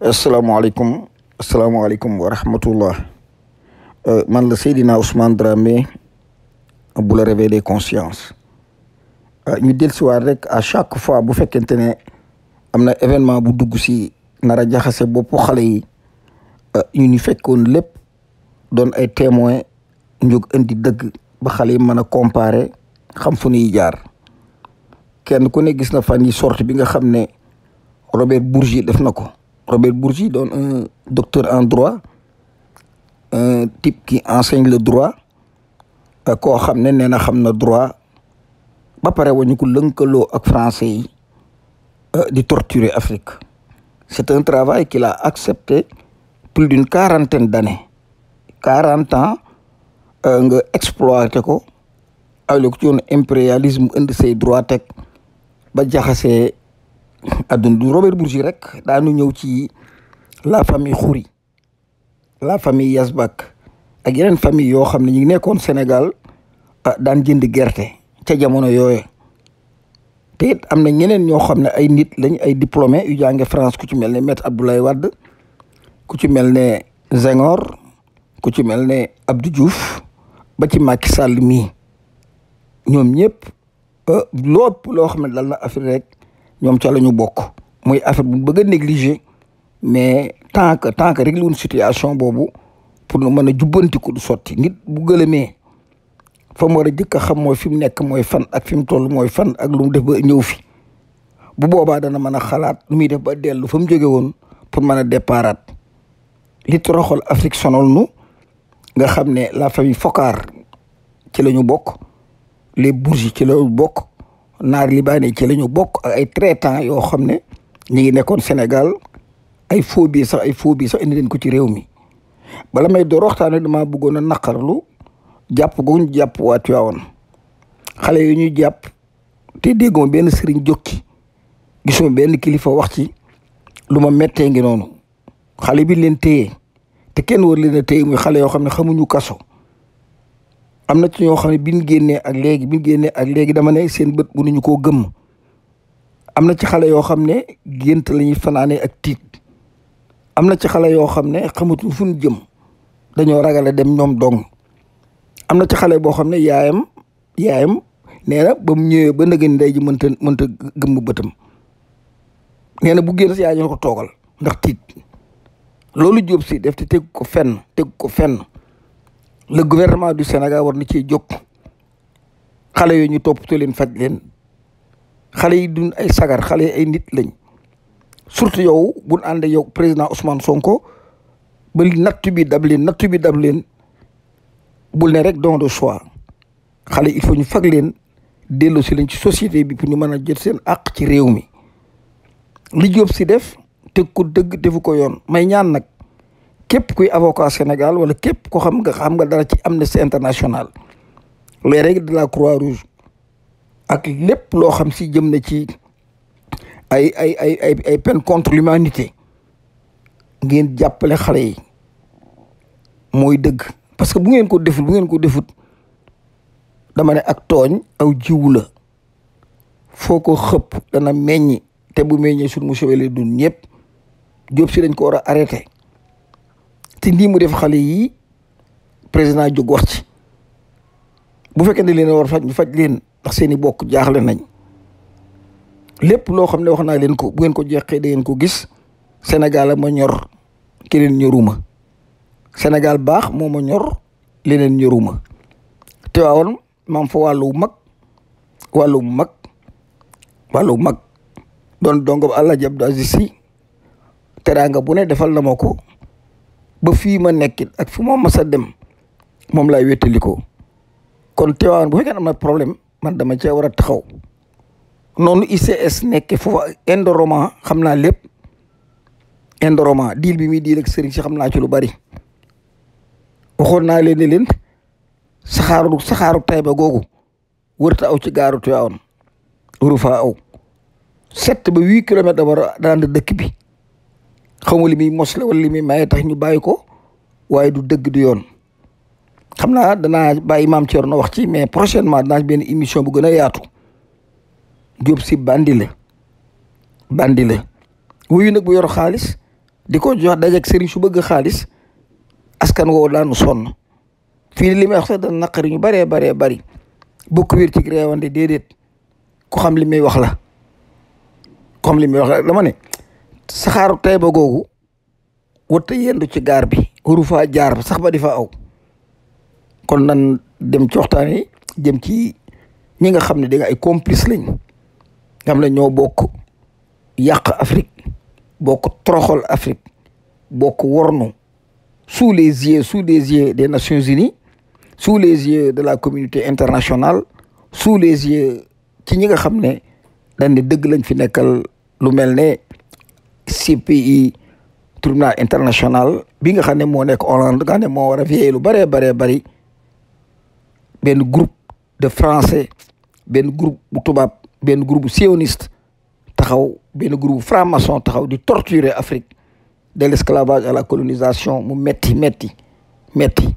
asalaamaaleykum asalaamaaleykum wa rahmatullah euh, man la Seydina Ousmane Dramé bu la réveiller conscience euh, ñu dellusiwaat rek à chaque fois bu fekkente ne am na événement bu dugg si nar a jaxase boppu xale yi euh, ñu ñu fekkoon lépp doon ay témoin njug indi dëgg ba xale yi mën a comparer xam fu ñuy jaar kenn ku ne gis na fan yi sorte bi nga xam ne Robert Bourgi def na ko Robert Bourgi doon un docteur en droit un type qui enseigne le droit euh, koo xam ne nee na xam na droit ba pare wañu ko lënkaloo ak français yi euh, di torturer Afrique c'est un travail kila a accepté plus d'une quarantaine d'années quarante ans euh, nga exploité ko awle ko ci yoonu impérialisme indi say droit teg ba jaxasee adduna du Robert Bourgi rek daanu ñëw ci la famille Khouri la famille Yasbak ak yeneen famille yoo xam ne ñu ngi nekkoon Sénégal ah, daan jëndi gerte ca jamono yooyu te it am na ñeneen ñoo xam ne ay nit lañ ay diplômé yu jànge France ku ci mel ne maître Abdoulaye Wade ku ci mel ne Senghor ku ci mel ne abdu juuf ba ci Macky Sall mii ñoom ñëpp ah, lépp loo xam ne dal na Afrique rek ñoom ca la ñu bokk mooy affaire bu bëgg a négliger mais tant que tant que réglé situation boobu pour nu mën a jubbantiku du sotti ngit bu gëlëmee fa mu war a jëkk a xam mooy fi mu nekk mooy fan ak fi mu toll mooy fan ak lu mu def ba ñëw fi bu boobaa dana mën a xalaat lu muy def ba dellu fa mu jóge woon pour mën a déparaat li toroxal Afrique sonal nu nga xam ne la famille Foccart ci la ñu bokk les Bourges ci la bokk naar libaane ci la ñu bokk ak ay traitant yoo xam ne ñu ngi nekkoon Sénégal ay phobie sax ay phobie sax indi leen ko ci réew mi bala may door waxtaane damaa bëggoon a naqarlu jàpp guñ jàpp waa Tiwaawan xale yoo ñuy jàpp te dégguma benn sëriñ jokki gisuma benn kilifa wax ci lu ma méttee ngi noonu xale bi leen téye te kenn war leen a muy xale yoo xam ne xamuñu kasso am na ci ñoo xam ne bi génnee ak léegi bi génnee ak léegi dama ne seen bët bu ñu koo gëmm am na ci xale yoo xam ne gént lañuy fanaanee ak tiit am na ci xale yoo xam ne xamatuñ fu ñu jëm dañoo ragale dem ñoom dong am na ci xale boo xam ne yaayam yaayam nee na ba ñëwee ba ndëgën ndey ji mënta mënta gëmm bëtam nee na bu génn si yaay ñu ko toogal ndax tiit loolu jóob si def te teg ko fenn tegu ko fenn le gouvernement du Sénégal war na cee jóg xale yoo ñu toppatoo leen faj leen xale yi duñ ay sagar xale yi ay nit lañ surtout yow bu ñu ànd yow président Ousmane Sonko ba nattu bi dab leen nattu bi dab leen bul ne rek don de choix xale il faut ñu fag leen delloo si leen ci société bi pour ñu mën a jot seen àq ci réew mi li Jóob si def teg ko dëgg defu ko yoon may ñaan nag. képp kuy avocat Sénégal wala képp ko xam nga xam nga dara ci Amnesty International les règles de la Croix-Rouge ak lépp loo xam si jëm na ci ay ay ay ay ay peine contre l'humanité ngeen jàppale xale yi mooy dëgg parce que bu ngeen ko deful bu ngeen ko defut dama ne ak tooñ aw jiwu la foo ko xëpp dana meññi te bu meññee suñu mu sewele dun ñëpp Diop si dañ ko war a arrêté te lii mu def xale yii président jóg wax bu fekkee ne leen war faj ñu faj leen ndax seen bokk jaaxle nañ lépp loo xam ne wax naa leen ko bu ngeen ko jeexee da ko gis Sénégal ma ñor ki leen ñoruma Sénégal baax moo ma ñor li leen ñoruma te waawoon maam fa wu mag wàllu mag wàllu mag doon dong ba El Hadj Abdou teraanga bu ne defal na ma ko. ba fii ma nekkit ak fu ma mës a dem moom laay wéttalikoo kon Tivaouane bu fekkee am na problème man dama cee war a taxaw noonu ICS nekke foofa Indorama xam naa lépp Indorama diil bi muy diil ak sëriñ si xam naa ci lu bari waxoon naa leen leen saxaaru saxaaru googu wërta aw ci gaaru Tivaouane waru faa aw sept ba huit kilomètres war a daan dëkk bi xawma li muy mos wala li muy maye tax ñu bàyyi ko waaye du dëgg du yoon xam naa danaa bàyyi maam Thierno wax ci mais prochainement danaa benn émission bu gën a yaatu Diop si bandi la bandi la wuyu nag bu yor xaalis di ko jox dajeeg sëriñ su bëgg xaalis askan woo daanu sonn fii li may wax sax dana naqari ñu baree baree bari bokk wér ci réewande déedéet ku xam li muy wax la ku xam li muy wax la dama ne saxaaru Tayba googu wëtta yendu ci gaar bi waru faa jaar sax ba di fa aw kon nan dem ci waxtaan yi jëm ci ñi nga xam ne di ay complice lañ nga xam ne ñoo bokk yàq Afrique bokk troxol Afrique bokk wornu sous les yeux sous les yeux des Nations Unies sous les yeux de la communauté internationale sous les yeux ci ñi nga xam ne dañ ne dëgg lañ fi nekkal lu mel ne CPI e tribunal international bi nga xam ne moo nekk Hollande nga xam moo war a veiller lu bëree bëree bëri benn groupe de français benn group bu tubaab benn groupe bu sioniste taxaw benn group franc taxaw di torturer Afrique de l'esclavage à la colonisation mu metti metti metti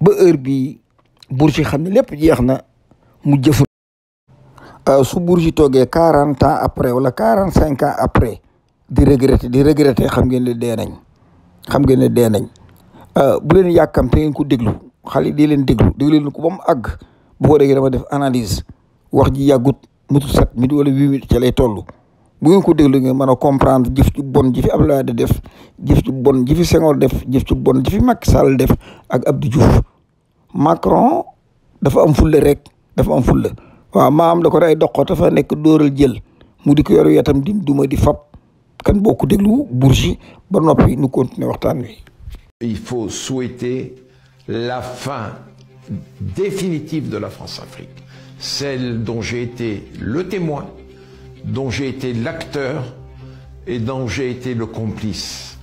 ba heure bi Bourgi xam ne lépp jeex na mu jëfur euh, su Bourgi toogee quarante ans après wala quarante cinq ans après di regretter di regretter xam ngeen ne dee nañ xam ngeen ne dee nañ euh, bu leen yàkkam ngeen ko déglu xale di leen déglu déglu leen ko ba mu àgg bu ko déggee def analyse wax ji yàggut mutu sept minutes wala huit minutes ca lay toll bu ngeen ko déglu ngeen mën a comprendre jëf ci bon ji fi Abdoulaye Wade def jëf ci bon ji fi Senghor def jëf ci bon ji fi Macky Sall def ak Abdou Diouf Macron dafa am fulla rek dafa am fulla waaw maam da ko day doqo dafa nekk dóoral jël mu di ko yor wetam di duma di fab kan boo ko déglu Bourgi ba noppi nu continuer waxtaan il faut souhaiter la fin définitive de la France-Afrique celle dont j'ai le témoin dont et dont j'ai été le complice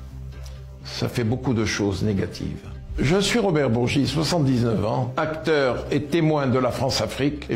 ça fait beaucoup de choses négatives je suis Robert Bourgi 79 ans acteur et témoin de la France-Afrique et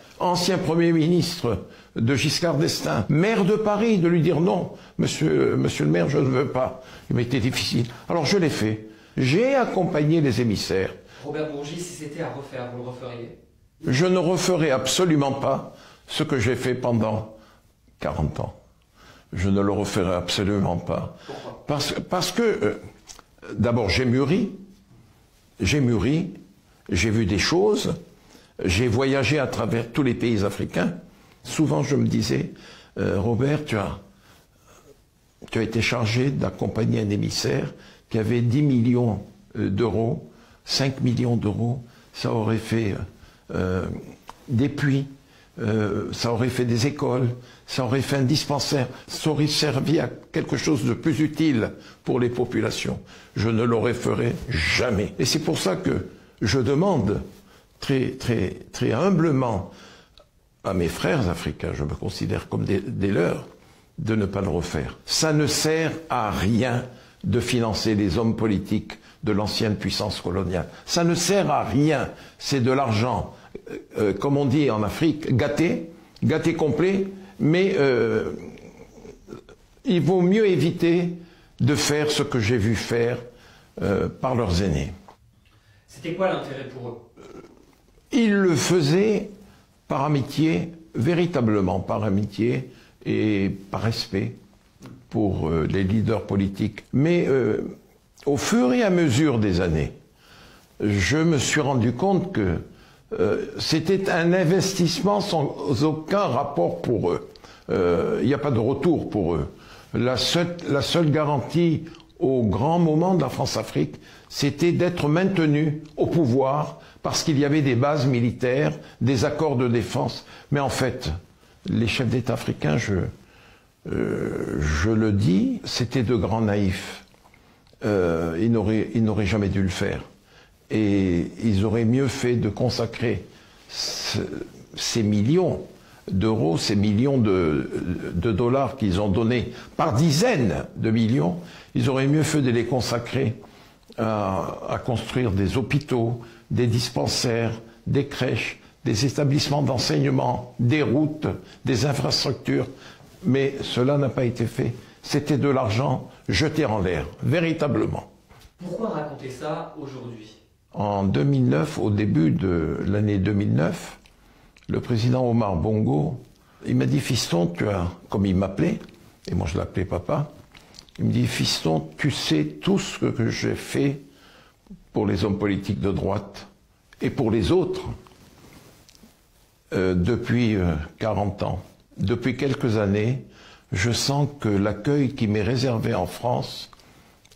ancien Premier ministre de Giscard d'Estaing, maire de Paris, de lui dire non, monsieur, monsieur le maire, je ne veux pas. Mais c'était difficile. Alors je l'ai fait. J'ai accompagné les émissaires. Je ne referai absolument pas ce que j'ai fait pendant ans. Je ne le referai absolument pas. parce, que, euh, d'abord, j'ai j'ai mûri, j'ai vu des choses, J'ai voyagé à travers tous les pays africains. Souvent, je me disais, euh, Robert, tu as, tu as été chargé d'accompagner un émissaire qui avait 10 millions euh, d'euros, 5 millions d'euros. Ça aurait fait euh, des puits, euh, ça aurait fait des écoles, ça aurait fait un dispensaire, ça aurait servi à quelque chose de plus utile pour les populations. Je ne l'aurais ferai jamais. Et c'est pour ça que je demande très, très, très humblement à mes frères africains, je me considère comme des, des leurs, de ne pas le refaire. Ça ne sert à rien de financer les hommes politiques de l'ancienne puissance coloniale. Ça ne sert à rien. C'est de l'argent, euh, euh, comme on dit en Afrique, gâté, gâté complet, mais euh, il vaut mieux éviter de faire ce que j'ai vu faire euh, par leurs aînés. C'était quoi l'intérêt pour eux Il le faisait par amitié, véritablement par amitié et par respect pour euh, les leaders politiques. Mais euh, au fur et à mesure des années, je me suis rendu compte que euh, c'était un investissement sans aucun rapport pour eux. Euh, il n'y a pas de retour pour eux. La seule, la seule garantie au grand moment de la France-Afrique, c'était d'être maintenu au pouvoir parce qu'il y avait des bases militaires, des accords de défense. Mais en fait, les chefs d'État africains, je, euh, je le dis, c'était de grands naïfs. Euh, ils n'auraient jamais dû le faire. Et ils auraient mieux fait de consacrer ce, ces millions d'euros, ces millions de, de dollars qu'ils ont donnés par dizaines de millions, ils auraient mieux fait de les consacrer à, à construire des hôpitaux, des dispensaires, des crèches, des établissements d'enseignement, des routes, des infrastructures, mais cela n'a pas été fait. C'était de l'argent jeté en l'air, véritablement. Pourquoi raconter au début de l'année le président Omar Bongo, il m'a dit Fiston, tu comme il m'appelait, et moi je l'appelais papa, il me dit Fiston, tu sais tout ce que j'ai pour les hommes politiques de droite et pour les autres euh, depuis euh, 40 ans. Depuis quelques années, je sens que l'accueil qui m'est réservé en France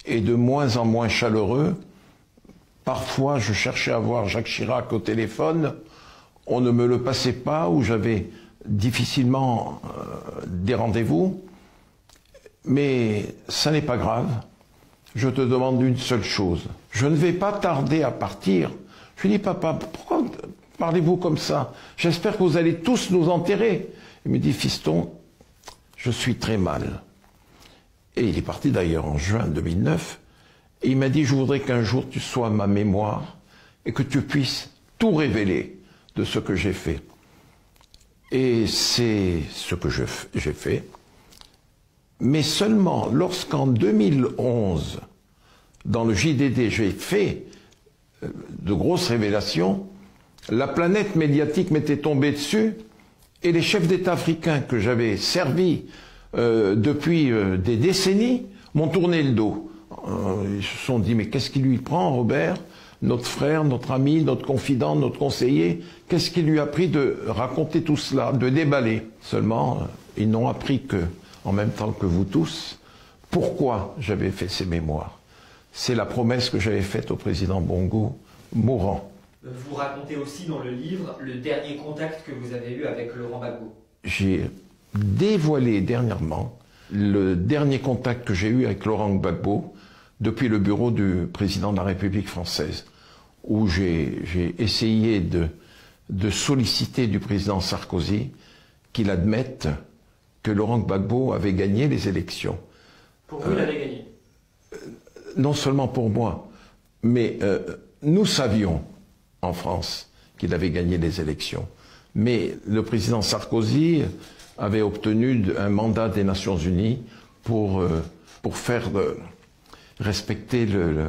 est de moins en moins chaleureux. Parfois, je cherchais à voir Jacques Chirac au téléphone, on ne me le passait pas ou j'avais difficilement euh, des rendez-vous. Mais ça n'est pas grave je te demande une seule chose. Je ne vais pas tarder à partir. Je lui dis, papa, pourquoi parlez-vous comme ça J'espère que vous allez tous nous enterrer. Il me dit, fiston, je suis très mal. Et il est parti d'ailleurs en juin 2009. Et il m'a dit, je voudrais qu'un jour tu sois ma mémoire et que tu puisses tout révéler de ce que j'ai fait. Et c'est ce que j'ai fait. mais seulement lorsqu'en 2011, dans le JDD, j'ai fait euh, de grosses révélations, la planète médiatique m'était tombée dessus et les chefs d'État africains que j'avais servis euh, depuis euh, des décennies m'ont tourné le dos. Euh, ils se sont dit mais qu'est-ce qui lui prend Robert, notre frère, notre ami, notre confident, notre conseiller Qu'est-ce qui lui a pris de raconter tout cela, de déballer Seulement, euh, ils n'ont appris que en même temps que vous tous, pourquoi j'avais fait ces mémoires. C'est la promesse que j'avais faite au président Bongo mourant. Vous racontez aussi dans le livre le dernier contact que vous avez eu avec Laurent Gbagbo. depuis le bureau du président de la République française, où j'ai essayé de, de solliciter du président Sarkozy qu'il admette que Laurent Gbagbo avait gagné les élections. Pour vous, il avait gagné euh, Non seulement pour moi, mais euh, nous savions en France qu'il avait gagné les élections. Mais le président Sarkozy avait obtenu un mandat des Nations Unies pour, euh, pour faire euh, respecter le, le,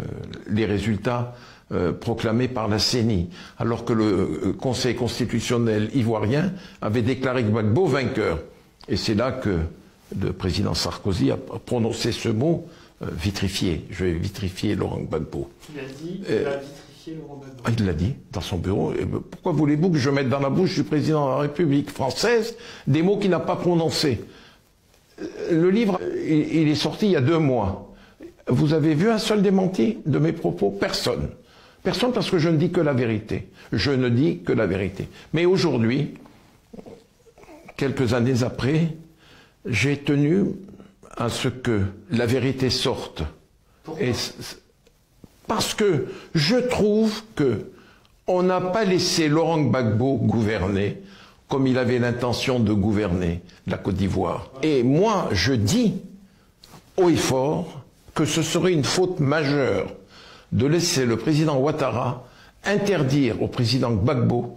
les résultats euh, proclamés par la CENI, alors que le euh, Conseil constitutionnel ivoirien avait déclaré Gbagbo vainqueur. Et c'est là que le président Sarkozy a prononcé ce mot euh, vitrifier Laurent Gbagbo. Il a dit il va euh, vitrifier Laurent Gbagbo. Ah, il l'a dit dans son bureau. pourquoi voulez-vous que je mette dans la bouche du président de la République française des mots qu'il n'a pas prononcés euh, Le livre, il, est sorti il y a deux mois. Vous avez vu un seul démenti de mes propos Personne. Personne parce que je ne dis que la vérité. Je ne dis que la vérité. Mais aujourd'hui, quelques années après, j'ai tenu à ce que la vérité sorte. Pourquoi Et parce que je trouve que on n'a pas laissé Laurent Gbagbo gouverner comme il avait l'intention de gouverner la Côte d'Ivoire. Et moi, je dis haut et fort que ce serait une faute majeure de laisser le président Ouattara interdire au président Gbagbo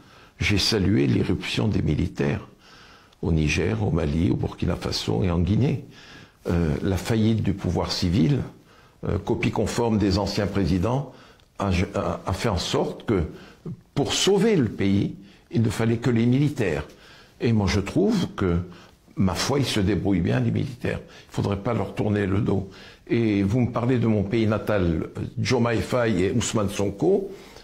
J'ai salué l'éruption des militaires au Niger, au Mali, au Burkina Faso et en Guinée. Euh, la faillite du pouvoir civil, euh, copie conforme des anciens présidents, a, a, a, fait en sorte que pour sauver le pays, il ne fallait que les militaires. Et moi, je trouve que, ma foi, ils se débrouillent bien, les militaires. Il ne faudrait pas leur tourner le dos. Et vous me parlez de mon pays natal, Jomaifai euh, et Ousmane Sonko.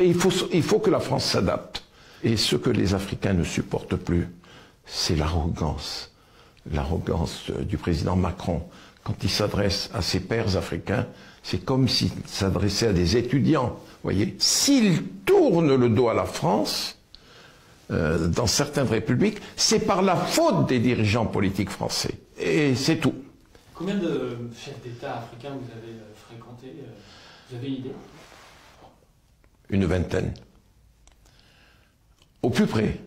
Et il faut, il faut que la France s'adapte. Et ce que les Africains ne supportent plus, c'est l'arrogance. L'arrogance euh, du président Macron. Quand il s'adresse à ses pairs africains, c'est comme s'il s'adressait à des étudiants. Voyez, s'il tourne le dos à la France, euh, dans certaines républiques, c'est par la faute des dirigeants politiques français. Et c'est tout. Combien de chefs d'État africains vous avez euh, fréquentés euh, Vous avez une idée une vingtaine. Au plus près.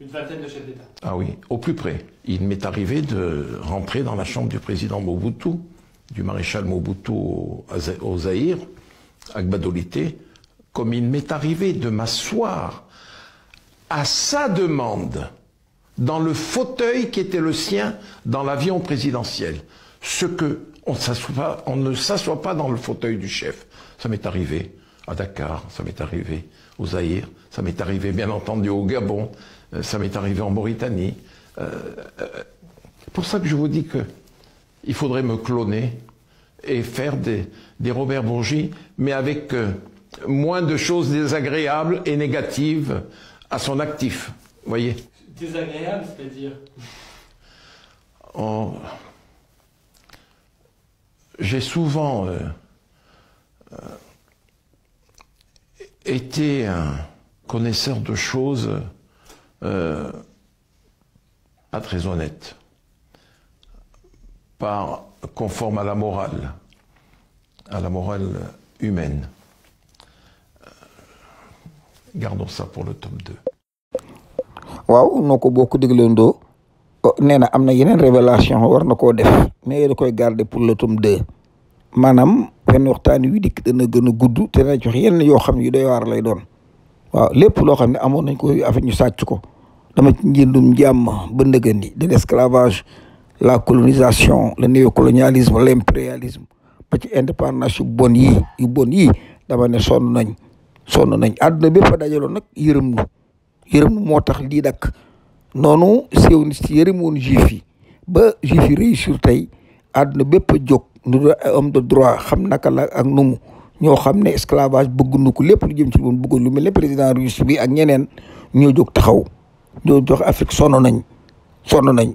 Une vingtaine de chefs d'État. Ah oui, au plus près. Il m'est arrivé de rentrer dans la chambre du président Mobutu, du maréchal Mobutu au, au Zaïre, à Gbadolité, comme il m'est arrivé de m'asseoir à sa demande dans le fauteuil qui était le sien dans l'avion présidentiel. Ce que on, on ne s'assoit pas dans le fauteuil du chef. Ça m'est arrivé. à Dakar, ça m'est arrivé au Zaïre, ça m'est arrivé bien entendu au Gabon, euh, ça m'est arrivé en Mauritanie. Euh, euh, pour ça que je vous dis que il faudrait me cloner et faire des, des Robert Bourgi, mais avec euh, moins de choses désagréables et négatives à son actif. Voyez. Désagréable, c'est-à-dire en... J'ai souvent euh, euh, était un connaisseur de choses euh, pas très honnêtes, pas conforme à la morale, humaine. Euh, gardons ça pour le tome 2. waaw noo ko boo ko dégloondoo oh, nee am na yeneen révélation war na koo def mais da koy garder pour le tome 2 maanaam benn waxtaan wi dikk dana gën a gudd te dana jox yenn yoo xam ne yu doy waar lay doon waaw lépp loo xam ne amoon nañ ko affaire ñu sàcc ko dama ci njëndum jàmm ba ndëgëndi de l'esclavage la colonisation le néocolonialisme l'impérialisme ba ci indépendance yu bon yi bon yi dama ne sonn nañ sonn nañ àdduna bépp a dajaloon nag yërëm nu yërëm nu moo tax lii dakk noonu sioniste yërëm woon juif yi ba juif yi réussir tey àdduna bépp a ñu doon ay homme de droit xam naka la ak numu ñoo xam ne esclavage bëgguñu ko lépp lu jëm ci lu bëggoon lu mel ne président russe bi ak ñeneen ñoo jóg taxaw ñoo jox Afrique sono nañ sonn nañ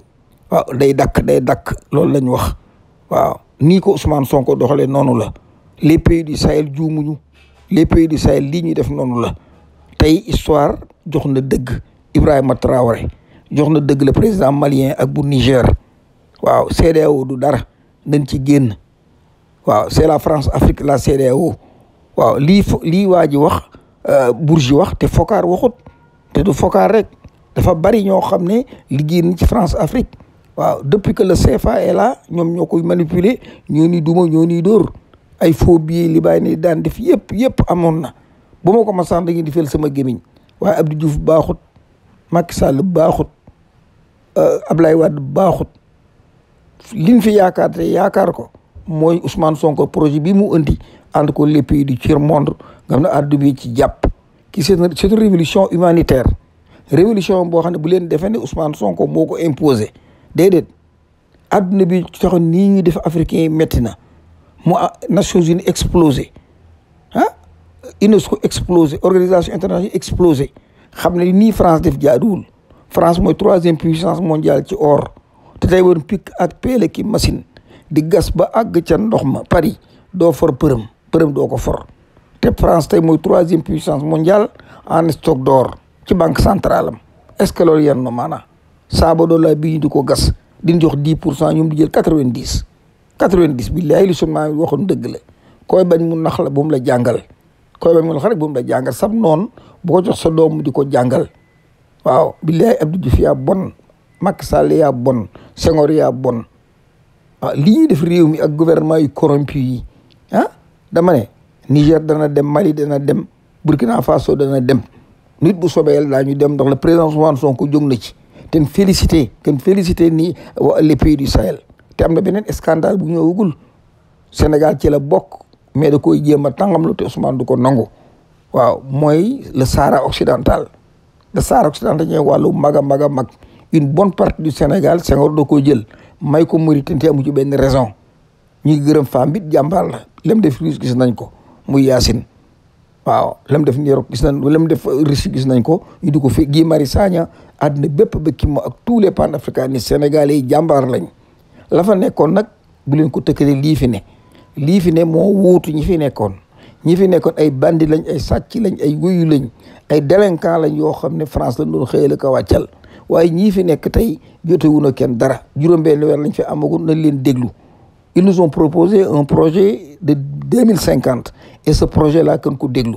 waaw day dakk day dakk loolu lañ wax waaw nii ko Ousmane Sonko doxalee noonu la les pays du Sahel juumuñu les pays du Sahel lii ñuy def noonu la tey histoire jox na dëgg Ibrahima Traoré jox na dëgg la président malien ak bu Niger waaw a du dara dañ ci génn waaw c'est la France Afrique la CEDEAO waaw lii fo lii waa ji wax euh, Bourgi wax te Foccart waxut te du Foccart rek dafa bari ñoo xam ne liggéey nañ ci France Afrique waaw depuis que le CFA est là ñoom ñoo koy manipuler ñoo ni duma ñoo ni dóor ay faux billets li bàyyi ni daan def yëpp yëpp amoon na bu ma ko ma sax da ngeen di fel sama gémiñ waaye Abdou Diouf baaxut Macky Sall baaxut euh, Ablaye Wade baaxut liñ fi yaakaar te yaakaar ko mooy Ousmane Sonko projet bi mu indi ànd ko les du tiers monde nga xam ne addu bi ci jàpp ki c'est une c'est une révolution humanitaire révolution boo xam ne bu leen defee ne Ousmane Sonko moo ko imposé déedéet adduna bi tax nii ñuy def africain yi métti na mu Nations Unies explosé ah UNESCO explosé organisation internationale explosé xam ne nii France def jaaduwul France mooy troisième puissance mondial ci or te tey woon pik ak peele ki machine di gas ba àgg ca ndox ma Paris doo for përëm përëm doo ko for te France tey mooy troisième puissance mondiale en stock door ci banque centrale am est-ce que loolu yan na maanaam saaba doon laa bii ñu di ko gas di jox di pour cent ñoom di jël quatre-vingt-dix quatre-vingt-dix billaahi li sunu maam waxoon dëgg la koy bañ mu nax la bu mu la jàngal koy bañ mu nax rek la jàngal sab noon boo jox sa doom di ko jàngal waaw billaahi Abdou Diouf bon mak Sall yaa bon Senghor yaa bon ah li ñuy def réew mi ak gouvernement yu corrompu yi ah dama ne Niger dana dem Mali dana dem Burkina Faso dana dem nit bu soobee yàlla ñu dem ndax le président Ousmane Sonko jóg na ci ten félicité ten félicité ni wa les pays du Sahel te am na beneen scandale bu ñëwagul Sénégal ci la bokk mais da koy jéem a tàngam lu te Ousmane du ko nangu waaw mooy le saara occidental le Sahara occidental ñooy wàllu mag a mag a mag une bonne partie du Sénégal Senghor da koo jël may ko Mauritanie te amu ci benn raison ñi gërëm femme bi jàmbaar la lam def ruus gis nañ ko muy Yacine waaw lam def New gis nañ def Russie gis nañ ko ñu di ko fi Guy Marius Sagna àddina bépp ba Kimmo ak tous les panafricains sénégalais yi jàmbaar lañ la fa nekkoon nag bu leen ko tëkkale lii fi ne lii fi ne moo wuutu ñi fi nekkoon ñi fi nekkoon ay bandi lañ ay sàcc lañ ay wuyu lañ ay délinquant lañ yoo xam ne France la doon xëyal ka wàccal waaye ñii fi nekk tey jotewuñu kenn dara juróom-benn weer lañ fi amagul na leen déglu ils nous proposé un projet de deux mille cinquante et ce projet la kan ko déglu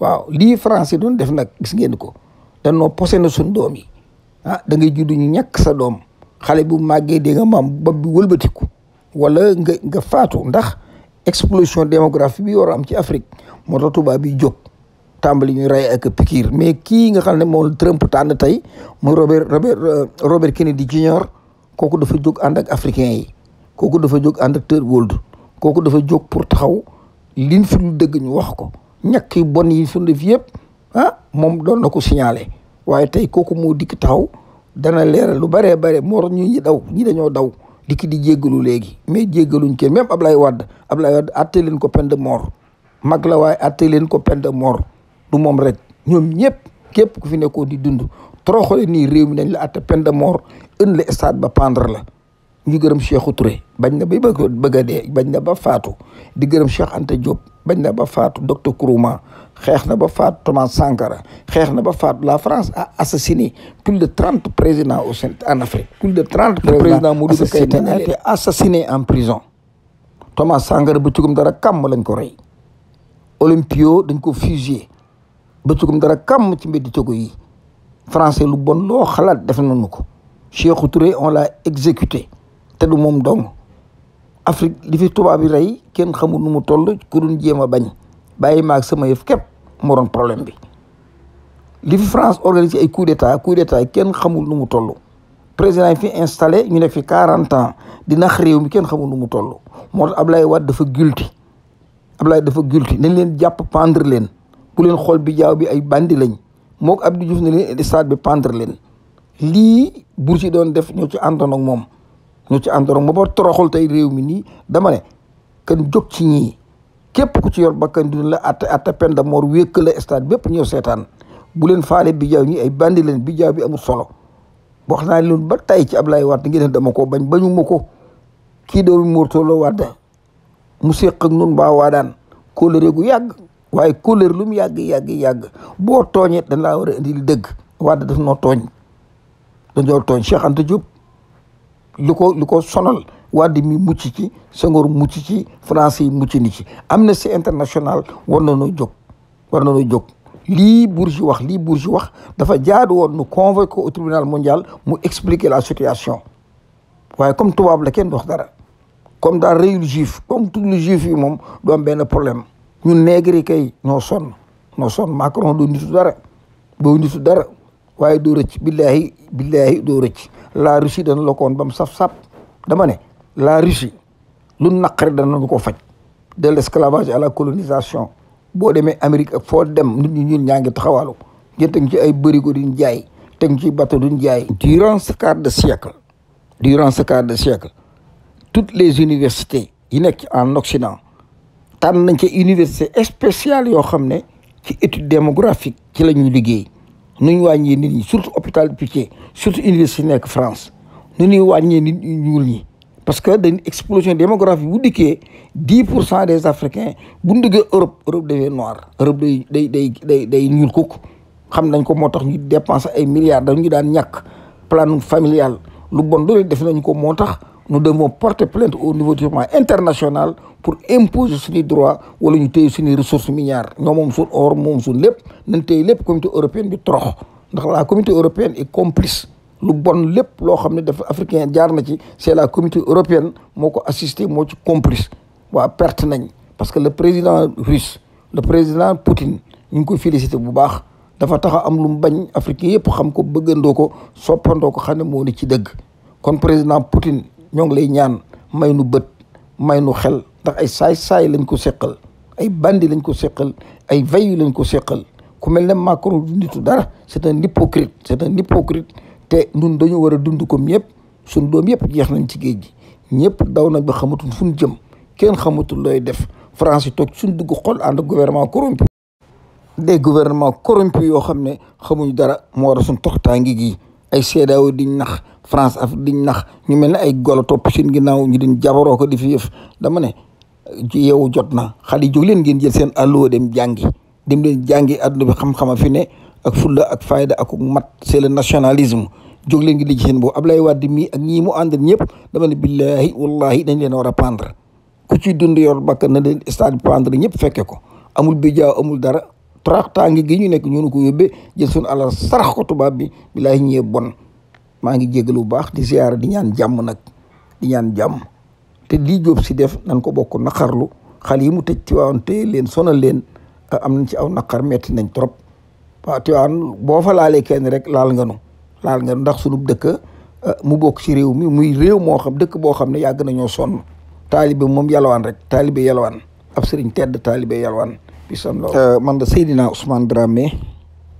waaw lii français yi doon def nag gis ngeen ko danoo posé na suñ doom yi ah da ngay judd ñu ñàkk sa doom xale bu màggee dee nga maam ba bi wëlbatiku wala nga nga faatu ndax explosion démographique bi war am ci Afrique moo tax tubaab bi jóg tàmbali ñuy rey ak pikiir mais kii nga xam ne moom Trump tànn tey muy Robert Robert euh, Robert Kennedy Junior kooku dafa jóg ànd ak africain yi kooku dafa jóg ànd ak Third kooku dafa jóg pour taxaw liñ fi dëgg ñu wax ko ñàkk yu bon yi suñu def yëpp ah moom doon na ko signalé waaye tey kooku moo dikk taxaw dana leeral lu baree bare moo ñu ñi daw ñi dañoo daw dikk di jéggalu léegi mais jéggaluñ kenn même Ablaye Wade Ablaye Wade atte leen ko peine de mort la waaye atte leen ko peine de mort du moom rek ñoom ñëpp képp ku fi nekkoon di dund toroxale ni réew mi nañ la atte peine de mort ën la ba pendre la ñu gërëm Cheikhou Touré bañ na ba ba bëgg a dee bañ na ba faatu di gërëm Cheikh Anta Diop bañ na ba faatu docteur Kourouma xeex na ba faatu Thomas Sankara xeex na ba faatu la France a assassiné plus de trente présidents au sein en Afrique. plus de trente présidents Modibo Keïta a été assassiné en prison. Thomas Sankara bu cugum dara kam lañ ko rey Olympio dañ ko fusillé. bëccëgum dara kam ci mbeddi Togo yi français lu bon loo xalaat def nañu ko Cheikh Touré on l'a exécuté te du moom dong Afrique li fi tubaab yi kenn xamul nu mu toll ku doon jéem a bañ bàyyi maag sama yëf képp moo doon problème bi lifi fi France organisé ay coup d'état coup d'état kenn xamul nu mu toll président yi fi installé ñu ne fi quarante ans di nax réew mi kenn xamul nu mu toll moo tax Ablaye Wade dafa gulti Ablaye dafa gulti nañ leen jàpp pendre leen bu leen xool bi jaaw bi ay bandi lañ moo ko Abdou Diouf ne leen stade bi pendre leen lii bur ci doon def ñoo ci àndoon moom ñoo ci àndoon ak moom ba toroxul tey réew mi nii dama ne kan jóg ci ñi képp ku ci yor bakkan dina la atte atte peine de mort wékk la stade bépp ñëw seetaan bu leen faale bi jaaw ay bandi leen bi jaaw bi amul solo wax naa leen ba tay ci ab Ablaye Wade ngeen dama ko bañ bañu ma ko kii doomu Mor Talla Wade mu séq ak noonu mbaa waa daan kóolare gu yàgg waaye couleur lu mu yàgg yàgg yàgg boo tooñee dañ laa war a indi li dëgg Wade daf noo tooñ dañoo tooñ Cheikh Anta Diop li ko li ko sonal Wade mi mucc ci Senghor mucc ci français yi mucc ni ci Amnesty International war na noo jóg war na noo jóg lii Bourgi wax lii Bourgi wax dafa jaadu woon nu convoqué au tribunal mondial mu expliquer la situation waaye comme tubaab la kenn wax dara comme daal réyul juif comme tout le juif yi moom du am benn problème ñun nègre yi kay noo sonn noo sonn Macron doo nitu dara doo nitu dara waaye doo rëcc billahi billahi doo rëcc la Russie dana la koon ba mu saf-saf dama ne la Russie lu naqari danañu ko faj de l'esclavage à la colonisation boo demee Amérique ak foo dem nu ñu ñun ñaa ngi taxawaalu ñu teg ci ay bërigo duñ jaay teg ci bateau ñu jaay durant ce quart de siècle durant ce quart de siècle toutes les universités yi nekk en Occident tànn nañ ci université spéciale yoo xam ne ci étude démographique ci la ñuy liggéey nu ñu wàññee nit ñi surtout hôpital Pitié surtout université nekk France nu ñuy wàññee nit ñu ñuul ñi parce que dañ explosion démographique bu dikkee dix pour cent des africains bu ñu duggee Europe Europe dafay noir Europe day day day day day ñuul kuk xam nañ ko moo tax ñu dépense ay milliards dañu daan ñàkk plan familial lu bon loolu def nañ ko moo tax nous devons porter plainte au niveau du international pour imposer suñuy droit wala ñu téye suñuy ressource mignaar ñoo moom suñ or moom suñ lépp nañ téye lépp communauté européenne bi torox ndax la communauté européenne est complice lu bon lépp loo xam ne dafa africain jaar na ci c'est la communauté européenne moo ko assisté moo ci complice waa perte nañ parce que le président russe le président Poutine ñu ngi koy félicité bu baax dafa tax a am lu mu bañ africain yëpp xam ko bëggandoo ko soppandoo ko xam ne moo ni ci dëgg kon président Poutine ñoo ngi lay ñaan may nu bët may nu xel ndax ay saay-saay lañ ko seqal ay bandi lañ ko seqal ay vayu lañ ko seqal ku mel ne Macron du nitu dara c'est un hypocrite c'est un hypocrite te nun dañu war a dund comme ñëpp suñ doom yëpp jeex nañ ci géej gi ñëpp daw na ba xamatul fu ñu jëm kenn xamatul looy def France toog suñ dugg xol ànd ak gouvernement corrompu des gouvernements corrompus yoo xam ne xamuñ dara moo war a suñ toxtaangi gi ay CEDEAO diñ nax France af diñ nax ñu mel ne ay golo topp seen ginnaaw ñu diñ jabaroo ko di fi yëf dama ne yow jot na xale jóg leen ngeen jël seen alluwa dem jàngi dem leen jàngi àdduna bi xam-xama fi ne ak fulla ak fayda ak mat c'est le nationalisme jóg leen ngi liggéey seen boobu Ablaye Wade mii ak ñii mu àndal ñëpp dama ne billahi wallahi dañ leen war pendre ku ci dund yor bakk na leen stade pendre ñëpp fekke ko amul bijaaw amul dara trax tàngi gi ñu nekk ñoonu ko yóbbee jël suñu alal sarax ko tubaab bi billahi ñee bon maa ngi jégalu bu baax di ziyaara di ñaan jàmm nag di jàmm te lii Jóob si def nan ko bokk naqarlu xal yi mu tëj Tiwaawan téye leen sonal leen am nañ ci aw naqar metti nañ trop waaw Tiwaawan boo fa laalee kenn rek laal nga nu laal nga nu ndax sunub dëkk eh, mu bokk ci réew mi muy réew moo xam dëkk boo xam ne yàgg nañoo sonn taalibe moom yalwaan rek taalibe yalwaan ab sëriñ tedd taalibe yalwaan bi son eh, man da Seydina Ousmane Dramé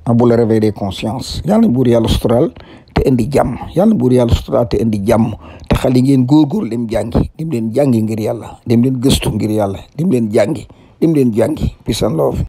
a ah, la réveil de consciences yàlla buur yàlla sutural te indi jàmm yàlla buur yàlla sutural te indi jàmm te xale yi ngeen góorgóor dem jàngi dem leen jàngi ngir yàlla dem leen gëstu ngir yàlla dem leen jàngi dem leen jàngi peace and love